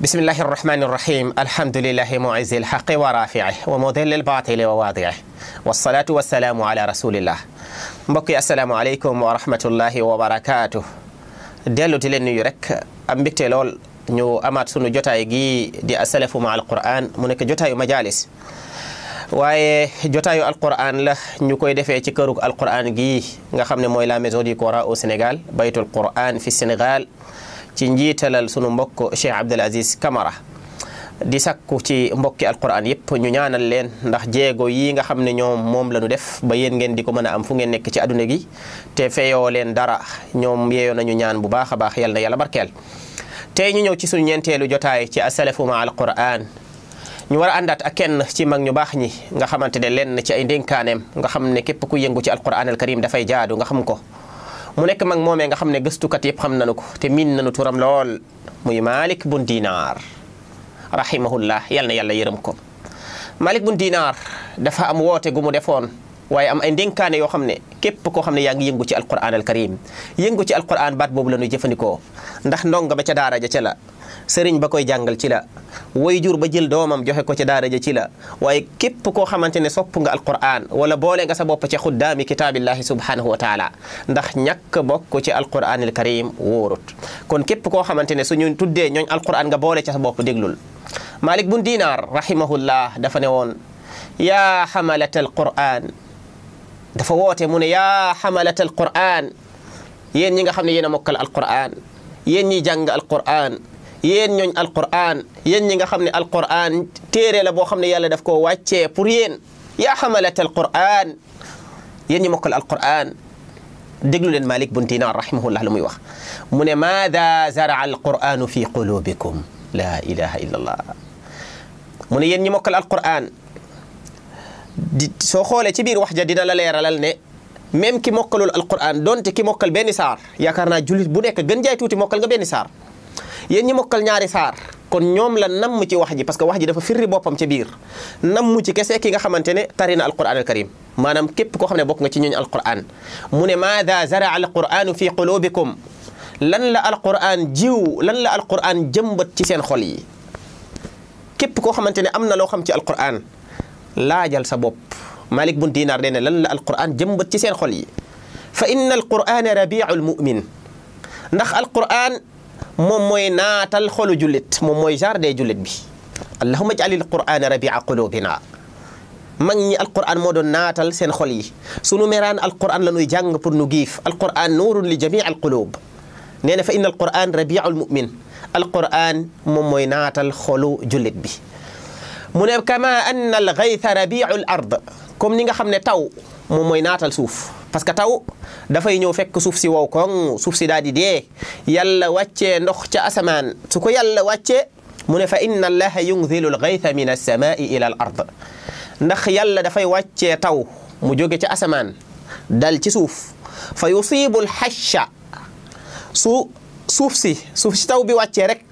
بسم الله الرحمن الرحيم الحمد لله معز الحق ورافعه ومذل الباطل وواضعه والصلاة والسلام على رسول الله مبقي السلام عليكم ورحمة الله وبركاته ديالو تلين نيورك أم لول نيو أمات سنو جوتاي يجي دي أسلف مع القرآن منك جوتاي مجالس وي جوتاي القرآن له نيو كوي دفعي القرآن جي نغا خمني مزودي كورا او سنغال بيت القرآن في السنغال ci njiitalal sunu mbokk Cheikh Abdel Aziz Camara di sakku ci mbokki alquran yëpp ñu ñaanal leen ndax jéego yi nga xam ne ñoom moom la ñu def ba yéen ngeen di ko mën a am fu ngeen nekk ci adduna gi te feyoo leen dara ñoom yeeyoo ñu ñaan bu baax a baax yal na yàlla barkeel te ñu ñëw ci suñu ñeenteelu jotaay ci a asalafu ma alquran ñu war a àndaat ak kenn ci mag ñu baax ñi nga xamante ne leen ci ay ndénkaaneem nga xam ne képp ku yëngu ci alquran al karim dafay jaadu nga xam ko mu nekk mag moomee nga xam ne gëstukat yëpp xam nanu ko te miin nanu turam lool muy Malik bun Dinaar rahimahullah yal na yàlla yërëm ko Malik bun diinaar dafa am woote gu mu def oon waaye am ay ndénkaane yoo xam ne képp koo xam ne yaa ngi yëngu ci alquran al karim yëngu ci alquran baat boobu la ñuy jëfandikoo ndax ndonga ba ca daara ja ca la seriñ ba koy jàngal ci la way jur ba jël doomam joxe ko ci daara ja ci la waaye képp koo xamante ne sopp nga alquran wala boole nga sa bopp ci xuddaami kitaabillahi subhanahu wa taala ndax ñàkk bokk ci alquranil karim wóorut kon képp koo xamante ne suñu tuddee ñooñ alquran nga boole ci sa bopp déglul malik bun dinar rahimahullah dafa ne woon yaa xamalata alquran dafa woote mu ne yaa xamalata alquran yéen nga xam ne yéen a mokkal alquran yéen ñi jàng alquran yéen ñooñ alquran yéen ñi nga xam ne alquran téere la boo xam ne yàlla daf koo wàccee pour yéen yaa xamalat alquran yéen ñi mokkal alquran déglu leen malik bun dinar lu muy wax mu ne maada zaraa alquranu fi qulubikum la ilaha illa mu ne yéen ñi mokkal alquran di soo xoolee ci biir wax ja dina la leeralal ne même ki mokkalul alquran donte ki mokkal benn saar yaakaar naa jullit bu nekk gën jaay tuuti mokkal nga benn saar yéen ñi mokkal ñaari saar kon ñoom la namm ci wax ji parce que wax ji dafa firri boppam ca biir namm ci kese ki nga xamante ne tari na alquran al karim maanaam képp ko xam ne bokk nga ci ñooñu mu ne maada zaraa alquranu fi qulubikum lan la alquran jiw lan la alquran jëmbat ci seen xol yi képp koo xamante ne am na loo xam ci alquran laajal sa bopp Malik bun Dinar nee na lan la alquran jëmbat ci seen xol yi fa inna alqurana rabiul mumin ndax alquran moom mooy naatal xolu jullit moom mooy jardin jullit bi allahumma jaalil qur'aana rabia qulubina mag ñi alquran moo natal sen seen xol yi sunu meraan alquran la ñuy jàng pour nu giif alquran nuurun li jamii alqulub nee na fa inna alquran rabiul mumin alquran moom mooy naatal xolu jullit bi mu ne kama anna algaytha rabiul ard comme ni nga xam taw moom mooy naatal suuf parce que taw dafay ñëw fekk suuf si wow koŋ suuf si daal di dee yàlla wàccee ndox ca asamaan su ko yàlla wàccee mu ne fa inna allaha yunzilu algaytha min alsamaai ila al ard ndax yàlla dafay wàccee taw mu jóge ca asamaan dal ci suuf fa yusibu alxasha su suuf si suuf si taw bi wàccee rek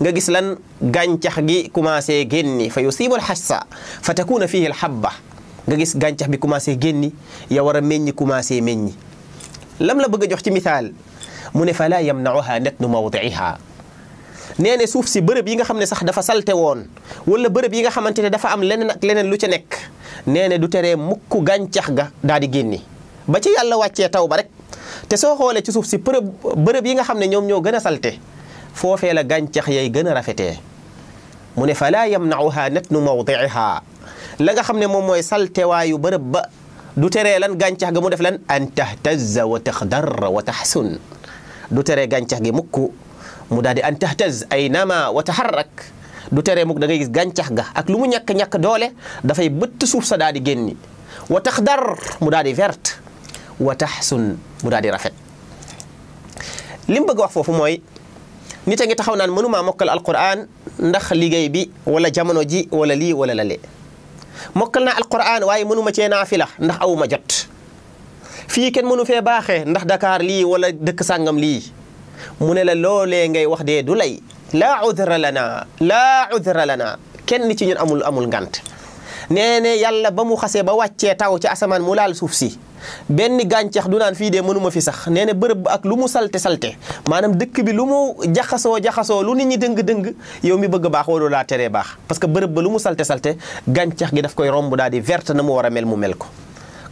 nga gis lan gàncax gi commencé génni fa yusibu alxasha fa takuna fihi alxabba nga gis gàncax bi commencé génni ya war a meññi commencé meññi lam la bëgg a jox ci misaal mu ne fa laa yamnauha natnu mawdiiha nee ne suuf si bërëb yi nga xam ne sax dafa salte woon wala bërëb yi nga xamante ne dafa am leneen ak leneen lu ca nekk nee ne du teree mukk gàncax ga daal di génni ba ci yàlla wàccee taw ba rek te soo xoolee ci suuf si përëb bërëb yi nga xam ne ñoom ñoo gën a salte foofee la gàncax yay gën a rafetee mu ne fa laa yamnauha natnu mawdiiha la nga xam ne moom mooy saltewaayu bërëb ba du teree lan gàncax ga mu def lan an tahtazza wa taxdarra wa taxsun du teree gàncax gi mukk mu daal di an tahtaz ay nama wa taxarrak du tere mukk da ngay gis gàncax ga ak lu mu ñàkk-ñàkk doole dafay bëtt suuf sa daal di génni wa taxdar mu daal di verte wa taxsun mu daal di rafet li mu bëgg wax foofu mooy nit a ngi taxaw naan mënumaa mokkal al alquran ndax liggéey bi wala jamono ji wala lii wala lale mokkal naa alquran waaye mënu ma cee naafila ndax awu ma jot fii kenn mënu fee baaxee ndax Dakar lii wala dëkk sangam lii mu ne la loolee ngay wax dee du lay laa udra lana laa udra lana kenn ci ñun amul amul ngant nee ne yàlla ba mu xasee ba wàccee taw ci asamaan mu laal suuf si benn gàncax du naan fii de mënuma fi sax nee na bërëb ak lu mu salte salte maanaam dëkk bi lu mu jaxasoo jaxasoo lu nit ñi dëng-dëng yow mi bëgg baax waroo laa teree baax parce que bërëb ba lu mu salte salte gàncax gi daf koy romb daal di verte na mu war a mel mu mel ko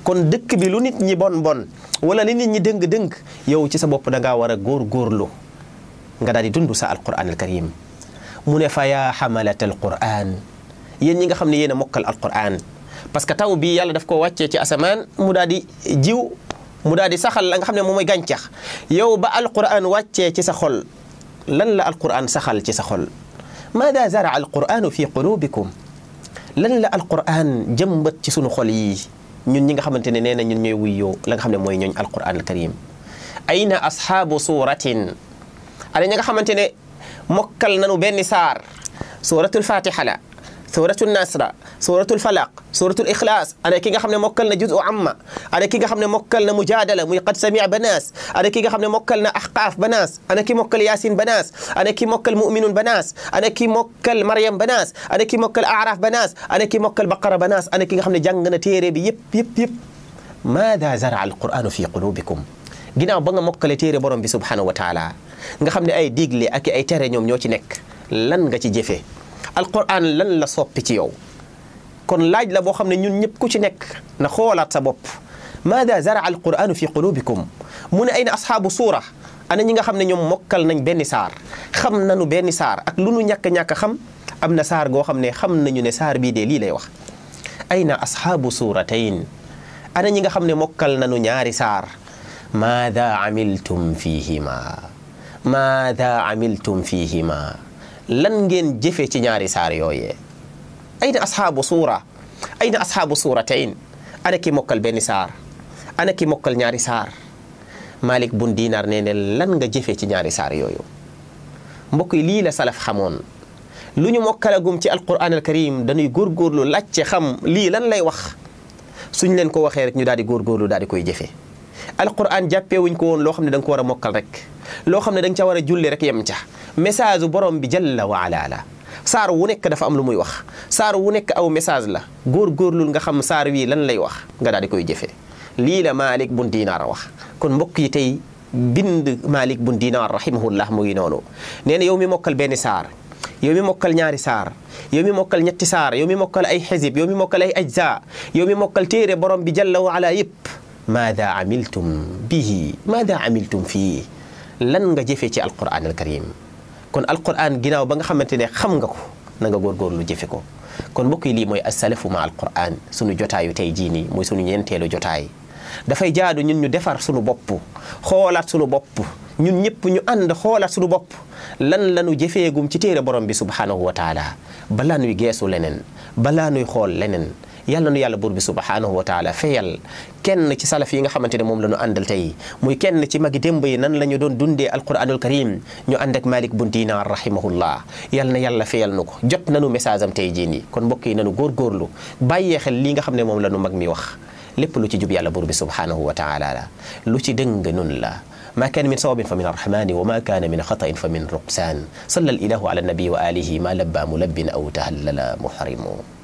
kon dëkk bi lu nit ñi bon bon wala li nit ñi dëng-dëng yow ci sa bopp da ngaa war a góor-góorlu nga daal di dund sa alquran al mu ne fa yaa xamalat alquran yéen ñi nga xam ne yéen a mokkal alquran parce que taw bi yàlla daf ko wàccee ci asamaan mu daal di jiw mu daal di saxal la nga xam ne moom mooy gàncax yow ba alquran wàccee ci sa xol lan la alquran saxal ci sa xol maada zara alquranu fi qulubikum lan la alquran jëmbat ci sunu xol yi ñun ñi nga xamante ne nee na ñun ñooy wuyyoo la nga xam ne mooy ñooñ alquran al karim ayna ashaabu suratin ana ña nga xamante ne mokkal nanu benn saar suratul fatiha la سورة النصر سورة الفلق سورة الإخلاص أنا كي خمنا موكلنا جزء عمة أنا كي خمنا موكلنا مجادلة مي قد سمع بناس أنا كي خمنا موكلنا أحقاف بناس أنا كي موكل ياسين بناس أنا كي موكل مؤمن بناس أنا كي موكل مريم بناس أنا كي موكل أعراف بناس أنا كي موكل بقرة بناس أنا كي خمنا جنغنا تيري بيب يب يب ماذا زرع القرآن في قلوبكم؟ جينا بنا موكل تيري برم بسبحانه وتعالى nga xamne ay diglé ak ay téré ñom ñoo ci nek lan القران لن لا صوبتي يو كون لاج لا بو خامني نيون نيب كوتي نيك نا خولات ماذا زرع القران في قلوبكم من اين اصحاب سوره انا نيغا خامني نيوم موكال نان بن سار خام نانو بن سار اك لونو نياك نياك خام امنا سار غو خامني خام نانيو ني سار بي دي لي لاي واخ اين اصحاب سورتين انا نيغا خامني موكال نانو نياري سار ماذا عملتم فيهما ماذا عملتم فيهما lan ngeen jëfee ci ñaari saar yooyee ayna ashaabu suura ayna ashaabu suuratayn ana ki mokkal benn saar ana ki mokkal ñaari saar Malik bun Dinar nee ne lan nga jëfee ci ñaari saar yooyu mbokk yi lii la salaf xamoon lu ñu mokkalagum ci alquran al karim dañuy góorgóorlu laajte xam lii lan lay wax suñ leen ko waxee rek ñu daal di góorgóorlu daal di koy jëfee alquran jàppee wuñ ko woon loo xam ne da ko war a mokkal rek loo xam ne da nga ca war a julli rek yem ca message borom bi jalla wa ala la saar wu nekk dafa am lu muy wax saar wu nekk aw message la góor-góorlul nga xam saar wii lan lay wax nga daal di koy jëfee lii la Malik bun Dinaar wax kon mbokk yi tey bind Malik bun Dinaar rahimahullah mu ngi noonu nee na yow mi mokkal benn saar yow mi mokkal ñaari saar yow mi mokkal ñetti saar yow mi mokkal ay xizib yow mi mokkal ay ajza yow mi mokkal téere borom bi jalla wa ala yëpp maada amiltum bihi maada amiltum fii lan nga jëfee ci alquran al karim kon alquran ginaaw ba nga xamante ne xam nga ko na nga góorgóorlu jëfe ko kon mbokk yi lii mooy asalafu ma alquran sunu jotaayu tey jii nii mooy sunu ñeenteelu jotaay dafay jaadu ñun ñu defar sunu bopp xoolaat sunu bopp ñun ñëpp ñu ànd xoolaat sunu bopp lan lanu jëfeegum ci téere borom bi subhanahu wa taala balaa nuy geesu leneen balaa nuy xool leneen yal na nu yàlla buur bi subhanahu wa taala fayal kenn ci salaf yi nga xamante ne moom la ñu àndal tey muy kenn ci magi démb yi nan la ñu doon dundee alquranul karim ñu ànd ak Malik bun Dinar rahimahullah yal na yàlla fayal nu ko jot nanu message am tey jii nii kon mbokk yi nanu góorgóorlu bàyyee xel lii nga xam ne moom la nu mag mi wax lépp lu ci jub yàlla buur bi subhanahu wa taala la lu ci dëng nun la ما كان من صواب فمن الرحمن وما كان من خطأ فمن رقسان صلى الإله على النبي وآله ما لبى ملب أو تهلل محرم